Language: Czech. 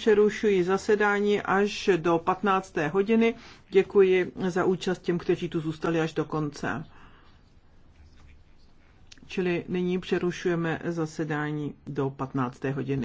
přerušuji zasedání až do 15. hodiny. Děkuji za účast těm, kteří tu zůstali až do konce. Čili nyní přerušujeme zasedání do 15. hodiny.